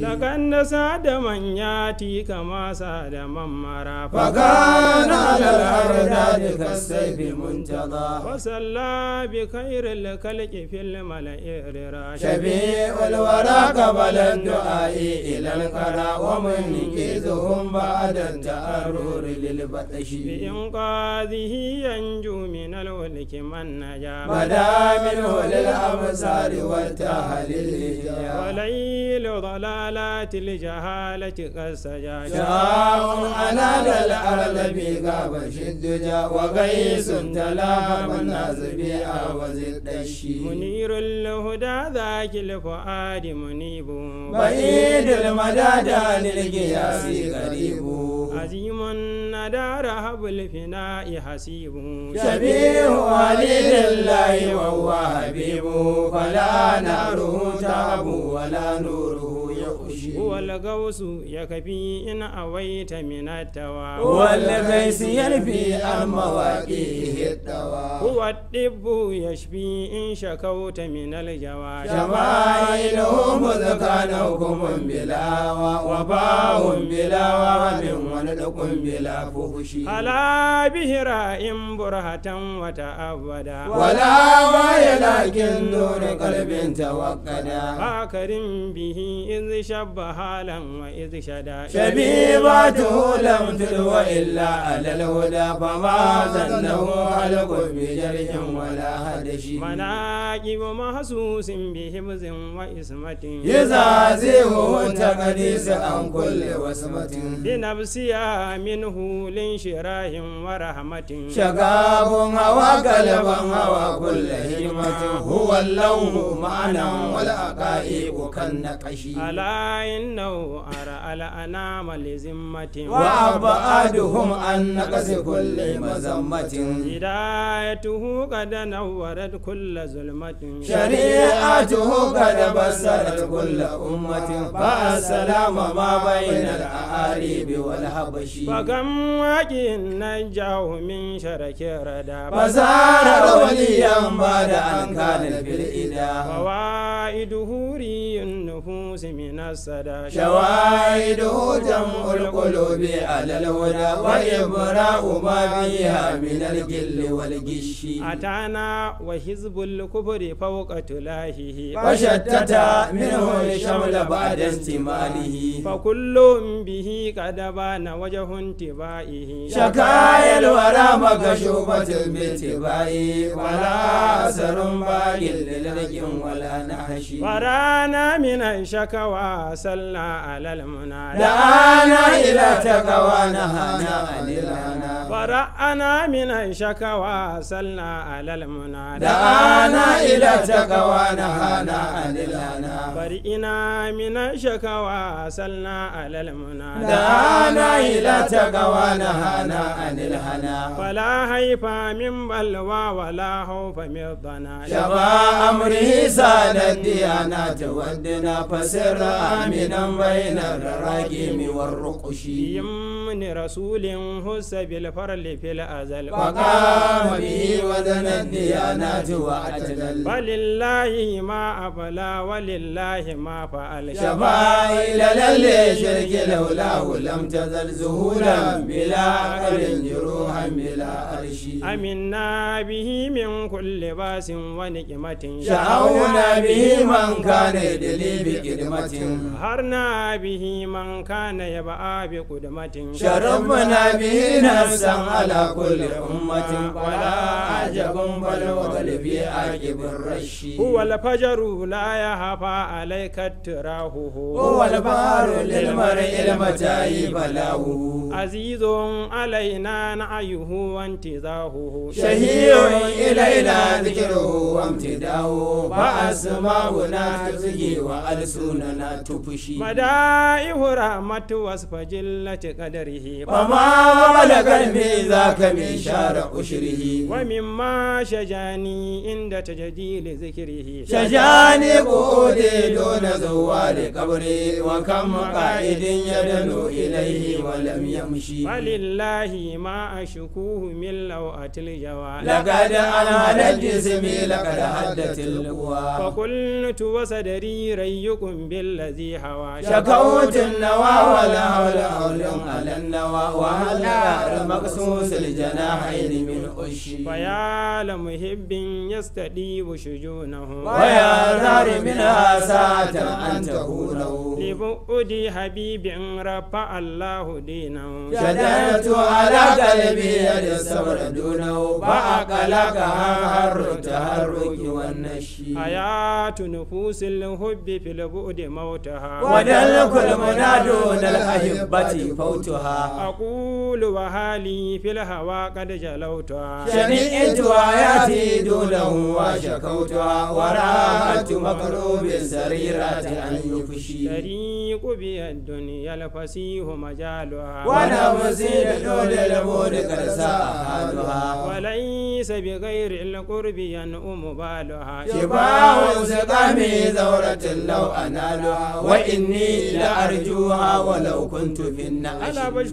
lakan da sada manya ti kama sada mammara faga na lalhar da duka sai bi muntaba wasalla bi kairin lakalki fil mala'irira shabi ulwara kabalan du'a'i ilal kara wa mun nike zuhun ba adan ta'arruri lil batashi bi in qadhihi yanju min al walki man bada min hulil amsari wa tahalil hijra walayl dalal حالات لجهالة قد سجا شاء على الأرض بقاب شدجا وقيس تلام الناس بيع وزد الشي منير الهدى ذاك الفؤاد منيب بعيد المدى للقياس قريب عزيم الندى رهب الفناء حسيب شبيه ولي لله وهو حبيب فلا ناره تعب ولا نوره wala gausu ya kafi ina awai ta minatawa wala bai si yarfi amma waƙi hiddawa kuwa ɗibbu ya shafi in shakau ta minal jawa shama ina homo zakana hukumun bilawa wa ba hun bilawa min wani dakon bila ko fushi ala bihira in burhatan wata abada wala wa ya lakin nuru kalbin Ba karin bihi in zai sha. bahalan wa iz da shabibatu lam tudwa illa ala alhuda fama zannahu halqu bi jarhin wala hadashi manaqibu mahsusin bihim zin wa ismatin yazazihu anta qadis an kulli wasmatin bi nafsiya minhu lin shirahin wa rahmatin shagabu hawa galaban hawa kulli himatin huwa allahu ma'anan wal aqaibu kan naqashi layin na'ura al'ana malizin matin wa abu aduhun an na kulle mazammatin ida ya tuhu kada na'urar kulle zulmatin shari'a tuhu kada basarar kulle ummatin ba a salama ma bayanar a arebe wani habashi ba gamwakin na jawo min sharake rada ba zarar wani yamma da an kanar bil'ida wa wa'iduhuri من الصدى شواهده جمع القلوب على الهدى وإبراء ما فيها من الجل والجش أتانا وحزب الكبر فوق تلاهه فشتت منه الشمل بعد استماله فكل به قد بان وجه انتبائه شكايا الورى مكشوفة باتباع ولا أثر باقي للرجم ولا نحشي ورانا من أنشاء shakawa salla alal muna la ana ila taqawa nahana ani ورأنا من الشكوى سلنا على المنى دعانا إلى التقوى نهانا عن الأنا برئنا من الشكوى سلنا على المنى دعانا إلى التقوى نهانا عن الهنا فلا هيف من بلوى ولا خوف من ضنا شفا أمره سال الديانات ودنا فسر آمنا بين الراجم والرقش يمن رسول هس بالفرد kamarar lefe la azal. Ba ya na wa a tunan. ma a fala walillahi ma fa al. Shafa'i da lalle shirki laula hulam ta zuhura bila karin jiro bila arshi. Amin na bihi min kulle basin wani kimatin. na bihi man kane dalibi kidmatin. Har na bihi man kane ya ba'a bi kudmatin. Sharaf na bihi na Ala ko leɗɗum ma cin kwallo. A a a a jabun falon. Wani biyu a ke birashi. Uwalfajar ruwa ya hafa alaikatarahuhu. Uwalfajaru lelmar ilimata ya yi balawu. Azizu alaina na ayyuhu antizahuhu. Tani yawon elaina tsakanin Ba asama'o na suke wa alisunan tubushi. Mada ifura matuwa su fagellar cikadar yi. ma lakar me. ذاك من شارع أشره ومما شجاني عند تجديل ذكره شجاني قولي دون زوال قبري وكم قائد يدنو إليه ولم يمشي ولله ما أشكوه من لوءة الجوال لقد أنا الجسم لقد هدت القوى فقلت وصدري ريكم بالذي هوى شكوت النوى ولا حول حول على النوى وهل المقصود sosal janahaini min ushi fa ya la muhibbin yastadi wa shujunahu wa ya nari min hasata an tahunahu li bu'udi habibin rafa allahu dinahu shadantu ala qalbi yad sabra dunahu ba aqalaka harru taharruki wan nashi ayatu nufusil hubbi fil bu'di mawtaha wa dalkul munadu dal ahibbati fawtaha A wa hali filha wa kada jalauta shani itwa ya ti dulan wa shakauta wa rahatu makrubin sarirati an yufshi dari kubi dunya la fasihu majalwa wa la musid dole la bode kada halwa wa laysa bi ghairi al qurbi an umu balwa shibahu zakami zawratil law analwa wa inni la arjuha wa law kuntu fi